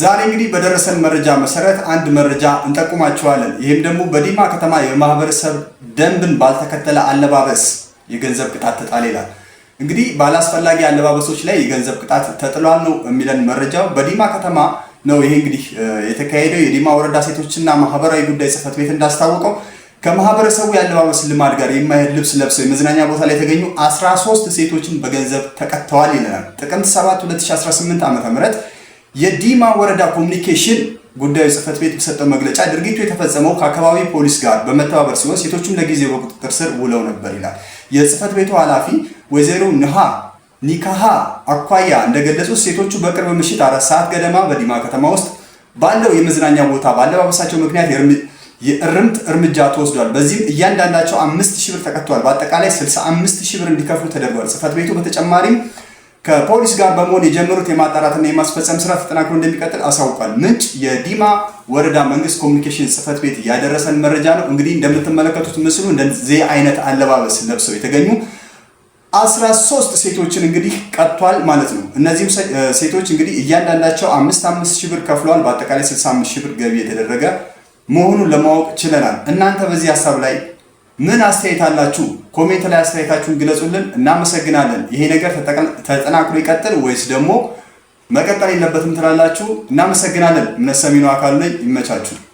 ዛሬ እንግዲህ በደረሰን መረጃ መሰረት አንድ መረጃ እንጠቁማቸዋለን። ይህም ደግሞ በዲማ ከተማ የማህበረሰብ ደንብን ባልተከተለ አለባበስ የገንዘብ ቅጣት ተጣለ ይላል። እንግዲህ ባላስፈላጊ አለባበሶች ላይ የገንዘብ ቅጣት ተጥሏል ነው የሚለን መረጃው። በዲማ ከተማ ነው ይሄ እንግዲህ የተካሄደው። የዲማ ወረዳ ሴቶችና ማህበራዊ ጉዳይ ጽሕፈት ቤት እንዳስታወቀው ከማህበረሰቡ የአለባበስ ልማድ ጋር የማይሄድ ልብስ ለብሰው የመዝናኛ ቦታ ላይ የተገኙ 13 ሴቶችን በገንዘብ ተቀጥተዋል ይለናል። ጥቅምት 7 2018 ዓ.ም የዲማ ወረዳ ኮሚኒኬሽን ጉዳዩ ጽህፈት ቤት በሰጠው መግለጫ ድርጊቱ የተፈጸመው ከአካባቢ ፖሊስ ጋር በመተባበር ሲሆን ሴቶቹም ለጊዜው በቁጥጥር ስር ውለው ነበር ይላል። የጽህፈት ቤቱ ኃላፊ ወይዘሮ ንሃ ኒካሃ አኳያ እንደገለጹት ሴቶቹ በቅርብ ምሽት አራት ሰዓት ገደማ በዲማ ከተማ ውስጥ ባለው የመዝናኛ ቦታ በአለባበሳቸው ምክንያት የእርምት እርምጃ ተወስዷል። በዚህም እያንዳንዳቸው አምስት ሺህ ብር ተቀጥቷል። በአጠቃላይ ስልሳ አምስት ሺህ ብር እንዲከፍሉ ተደርጓል። ጽህፈት ቤቱ በተጨማሪም ከፖሊስ ጋር በመሆን የጀመሩት የማጣራትና የማስፈጸም ስራ ተጠናክሮ እንደሚቀጥል አሳውቋል። ምንጭ የዲማ ወረዳ መንግስት ኮሚኒኬሽን ጽህፈት ቤት ያደረሰን መረጃ ነው። እንግዲህ እንደምትመለከቱት ምስሉ እንደዚህ አይነት አለባበስ ለብሰው የተገኙ አስራ ሶስት ሴቶችን እንግዲህ ቀጥቷል ማለት ነው። እነዚህም ሴቶች እንግዲህ እያንዳንዳቸው አምስት አምስት ሺህ ብር ከፍለዋል። በአጠቃላይ 65 ሺህ ብር ገቢ የተደረገ መሆኑን ለማወቅ ችለናል። እናንተ በዚህ ሀሳብ ላይ ምን አስተያየት አላችሁ? ኮሜንት ላይ አስተያየታችሁን ግለጹልን። እናመሰግናለን። ይሄ ነገር ተጠናክሮ ይቀጥል ወይስ ደግሞ መቀጠል የለበትም ትላላችሁ? እናመሰግናለን። እምነት ሰሚኑ አካሉ ላይ ይመቻችሁ።